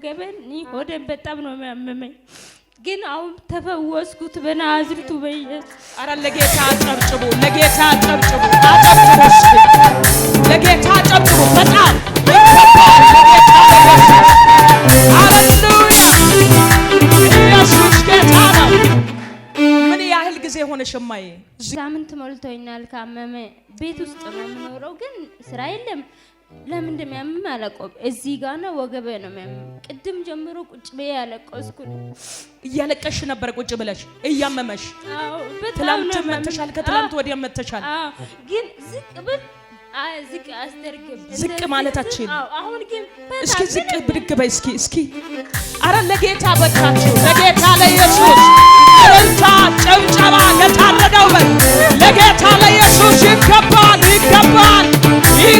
ወገበን ሆደን በጣም ነው የሚያመመኝ፣ ግን አሁን ተፈወስኩት በናዝሪቱ በኢየሱስ። አረ ለጌታ አጨብጭቡ፣ ለጌታ አጨብጭቡ፣ ለጌታ አጨብጭቡ። በጣም ሸማዬ? ሳምንት ሞልቶኛል። ካመመ ቤት ውስጥ ነው የምኖረው፣ ግን ስራ የለም ለምን እንደሚያምም አላውቀውም። እዚህ ጋር ነው ወገቤ ነው የሚያምም። ቅድም ጀምሮ ቁጭ ብዬ ያለቀስኩ። እያለቀሽ ነበር ቁጭ ብለሽ እያመመሽ? ትላንት መተሻል፣ ከትላንት ወዲያ መተሻል። ግን ዝቅ ብል ዝቅ አስደርግም። ዝቅ ማለታችን አሁን ግን እስኪ ዝቅ ብድግ በይ እስኪ እስኪ። አረ ለጌታ በቃችሁ፣ ለጌታ ለኢየሱስ እልልታ፣ ጭብጨባ ለታረደው በል ለጌታ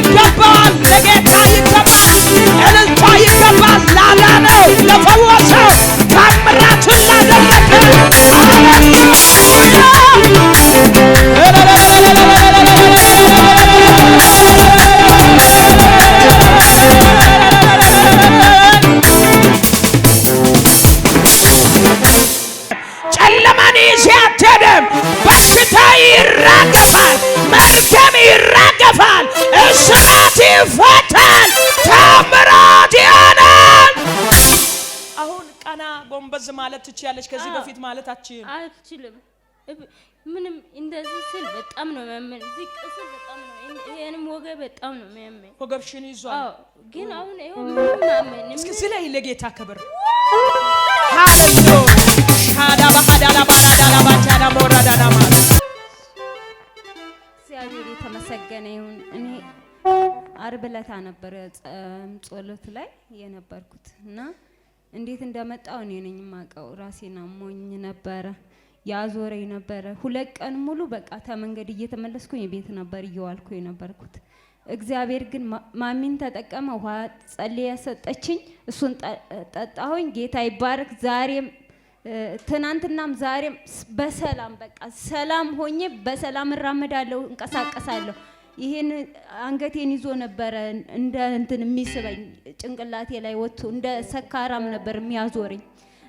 on, let's get ይፈታል። ታምራት ይሆናል። አሁን ቀና ጎንበዝ ማለት ትችያለች። ከዚህ በፊት ማለት አችም አችልም ምንም እንደዚህ ስል በጣም ነው የሚያመኝ። ዝቅ ስል በጣም ነው ይሄንም ወገብ በጣም ነው የሚያመኝ። ወገብሽን ይዟል። ግን አሁን ምንም ማመን እስኪ ስለ ለጌታ ክብር ሃሌሉያ አርብ ለታ ነበር ጸሎት ላይ የነበርኩት እና እንዴት እንደመጣው እኔ ነኝ የማውቀው። ራሴን አሞኝ ነበረ፣ ያዞረኝ ነበረ። ሁለት ቀን ሙሉ በቃ ተመንገድ እየተመለስኩኝ ቤት ነበር እየዋልኩ የነበርኩት። እግዚአብሔር ግን ማሚን ተጠቀመ። ውሃ ጸልያ ሰጠችኝ፣ እሱን ጠጣሁኝ። ጌታ ይባረክ። ዛሬም ትናንትናም ዛሬም በሰላም በቃ ሰላም ሆኜ በሰላም እራመዳለሁ፣ እንቀሳቀሳለሁ። ይሄን አንገቴን ይዞ ነበረ እንደ እንትን የሚስበኝ ጭንቅላቴ ላይ ወጥቶ እንደ ሰካራም ነበር የሚያዞረኝ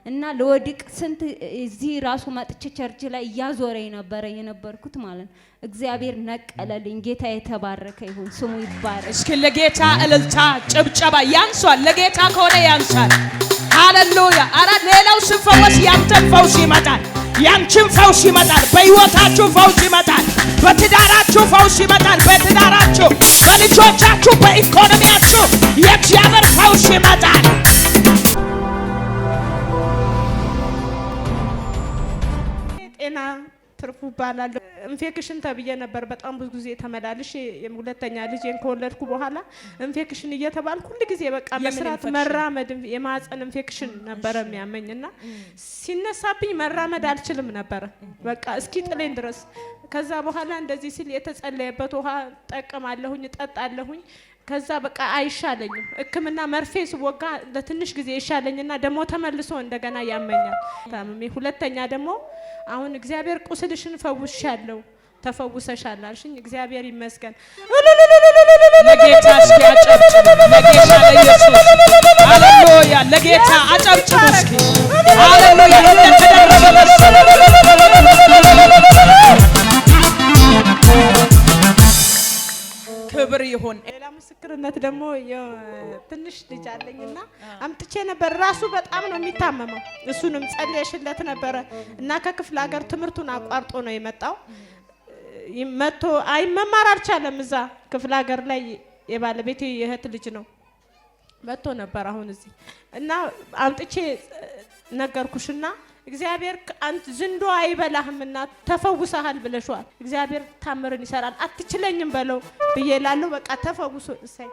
እና ለወድቅ ስንት እዚህ ራሱ መጥቼ ቸርች ላይ እያዞረኝ ነበረ የነበርኩት ማለት ነው። እግዚአብሔር ነቀለልኝ። ጌታ የተባረከ ይሁን፣ ስሙ ይባረክ። እስኪ ለጌታ እልልታ ጭብጨባ ያንሷል። ለጌታ ከሆነ ያንሷል። ሃሌሉያ! አራ ሰው ስፈወስ ያንተን ፈውስ ይመጣል። ያንቺን ፈውስ ይመጣል። በሕይወታችሁ ፈውስ ይመጣል። በትዳራችሁ ፈውስ ይመጣል። በትዳራችሁ፣ በልጆቻችሁ፣ በኢኮኖሚያችሁ የእግዚአብሔር ፈውስ ይመጣል። ትርፉ እባላለሁ። ኢንፌክሽን ተብዬ ነበር በጣም ብዙ ጊዜ ተመላልሽ። ሁለተኛ ልጄን ከወለድኩ በኋላ ኢንፌክሽን እየተባል ሁል ጊዜ በቃ መስራት መራመድ፣ የማህፀን ኢንፌክሽን ነበረ የሚያመኝ እና ሲነሳብኝ መራመድ አልችልም ነበረ በቃ እስኪ ጥሌን ድረስ። ከዛ በኋላ እንደዚህ ሲል የተጸለየበት ውሃ እጠቀማለሁኝ፣ እጠጣለሁኝ ከዛ በቃ አይሻለኝም። ሕክምና መርፌ ስወጋ ለትንሽ ጊዜ ይሻለኝና ደግሞ ተመልሶ እንደገና ያመኛል። ታምሜ ሁለተኛ ደግሞ አሁን እግዚአብሔር ቁስልሽን ፈውሻለሁ ተፈውሰሻል አልሽኝ። እግዚአብሔር ይመስገን። ለጌታ እስኪ አጨብጭቡ። ለጌታ ለኢየሱስ ሃሌሉያ። ለጌታ አጨብጭቡ እስኪ ደግሞ ትንሽ ልጅ አለኝና አምጥቼ ነበር። ራሱ በጣም ነው የሚታመመው። እሱንም ጸልየሽለት ነበረ እና ከክፍለ ሀገር ትምህርቱን አቋርጦ ነው የመጣው። መጥቶ አይ መማር አልቻለም። እዛ ክፍለ ሀገር ላይ የባለቤቴ የእህት ልጅ ነው መጥቶ ነበር። አሁን እዚህ እና አምጥቼ ነገርኩሽና እግዚአብሔር ዝንዶ አይበላህምና ተፈውሰሃል ብለሽዋል። እግዚአብሔር ታምርን ይሰራል። አትችለኝም በለው ብዬ ላለው በቃ ተፈውሶ እሰይ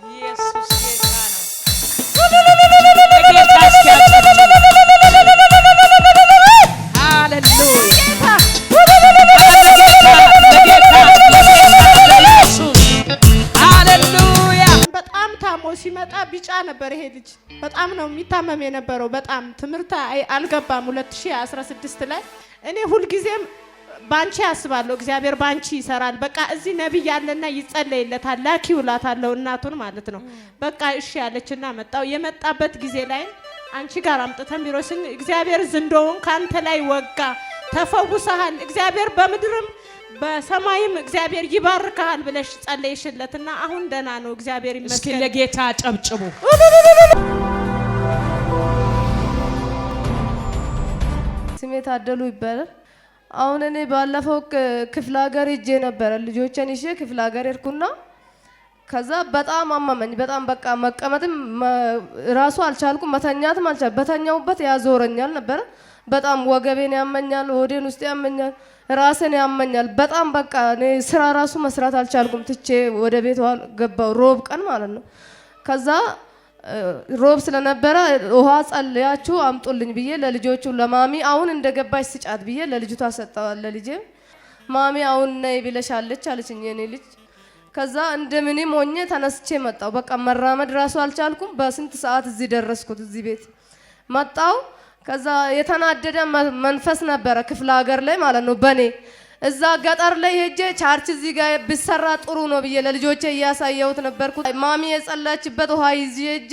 በጣም ታሞ ሲመጣ ቢጫ ነበር ይሄ ልጅ። በጣም ነው የሚታመም የነበረው። በጣም ትምህርት አልገባም 2016 ላይ እኔ ሁልጊዜም ባንቺ ያስባለሁ፣ እግዚአብሔር ባንቺ ይሰራል። በቃ እዚህ ነቢይ ያለና ይጸለይለታል። ላኪ ውላታለሁ እናቱን ማለት ነው። በቃ እሺ ያለችና መጣው የመጣበት ጊዜ ላይ አንቺ ጋር አምጥተን ቢሮ ስን እግዚአብሔር ዝንዶውን ካንተ ላይ ወጋ፣ ተፈውሰሃል። እግዚአብሔር በምድርም በሰማይም እግዚአብሔር ይባርካል ብለሽ ጸለይሽለትና አሁን ደህና ነው። እግዚአብሔር ይመስገን። እስኪ ለጌታ ጨብጭቡ። ስሜ ታደሉ ይባላል። አሁን እኔ ባለፈው ክፍለ ሀገር ሄጄ ነበረ ልጆችን ይዤ ክፍለ ሀገር ሄድኩና ከዛ በጣም አመመኝ። በጣም በቃ መቀመጥም ራሱ አልቻልኩም፣ መተኛትም አልቻል በተኛውበት ያዞረኛል ነበረ። በጣም ወገቤን ያመኛል፣ ሆዴን ውስጥ ያመኛል፣ ራስን ያመኛል። በጣም በቃ እኔ ስራ ራሱ መስራት አልቻልኩም። ትቼ ወደ ቤት ገባው ሮብ ቀን ማለት ነው ከዛ ሮብ ስለነበረ ውሃ ጸልያችሁ አምጡልኝ ብዬ ለልጆቹ ለማሚ አሁን እንደገባች ስጫት ብዬ ለልጅቷ ሰጠዋል። ለልጄ ማሚ አሁን ነይ ብለሻለች አለችኝ የኔ ልጅ። ከዛ እንደምንም ሆኜ ተነስቼ መጣው። በቃ መራመድ ራሱ አልቻልኩም። በስንት ሰዓት እዚህ ደረስኩት። እዚህ ቤት መጣው። ከዛ የተናደደ መንፈስ ነበረ ክፍለ ሀገር ላይ ማለት ነው በኔ እዛ ገጠር ላይ ሄጄ ቻርች እዚህ ጋር ብሰራ ጥሩ ነው ብዬ ለልጆቼ እያሳየሁት ነበርኩት። ማሚ የጸላችበት ውሃ ይዤ ሄጄ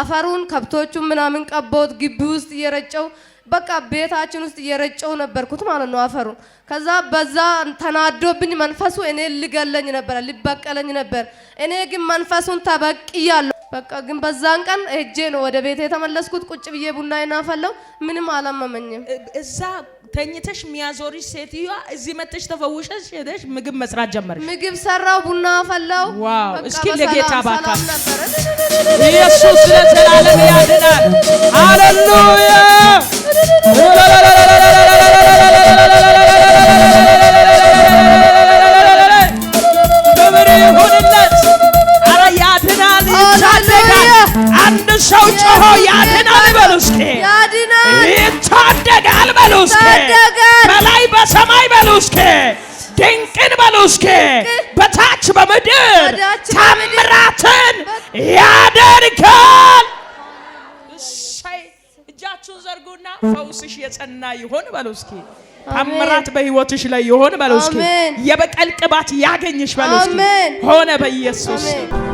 አፈሩን ከብቶቹን ምናምን ቀበውት ግቢ ውስጥ እየረጨው በቃ ቤታችን ውስጥ እየረጨው ነበርኩት ማለት ነው አፈሩን። ከዛ በዛ ተናዶብኝ መንፈሱ እኔ ልገለኝ ነበረ ሊበቀለኝ ነበር። እኔ ግን መንፈሱን ተበቅያለሁ። በቃ ግን በዛን ቀን ሄጄ ነው ወደ ቤት የተመለስኩት። ቁጭ ብዬ ቡና ይናፈለው ምንም አላመመኝም እዛ ተኝተሽ ሚያዞሪሽ ሴትዮዋ እዚህ መጥተሽ ተፈውሸሽ ሄደሽ ምግብ መስራት ጀመርሽ። ምግብ ሰራው፣ ቡና ፈላው። ዋው! እስኪ ለጌታ ባካ ኢየሱስ ለዘላለም ያድናል። ሃሌሉያ! በሉስኬ በላይ በሰማይ በሉስኬ ድንቅን በሉስኬ በታች በምድር ታምራትን ያደርጋል። እጃችሁን ዘርጉና ፈውስሽ የጸና ይሆን በሉስኬ ታምራት በህይወትሽ ላይ ይሆን በሉስኬ የበቀል ቅባት ያገኝሽ በሉስኬ ሆነ በኢየሱስ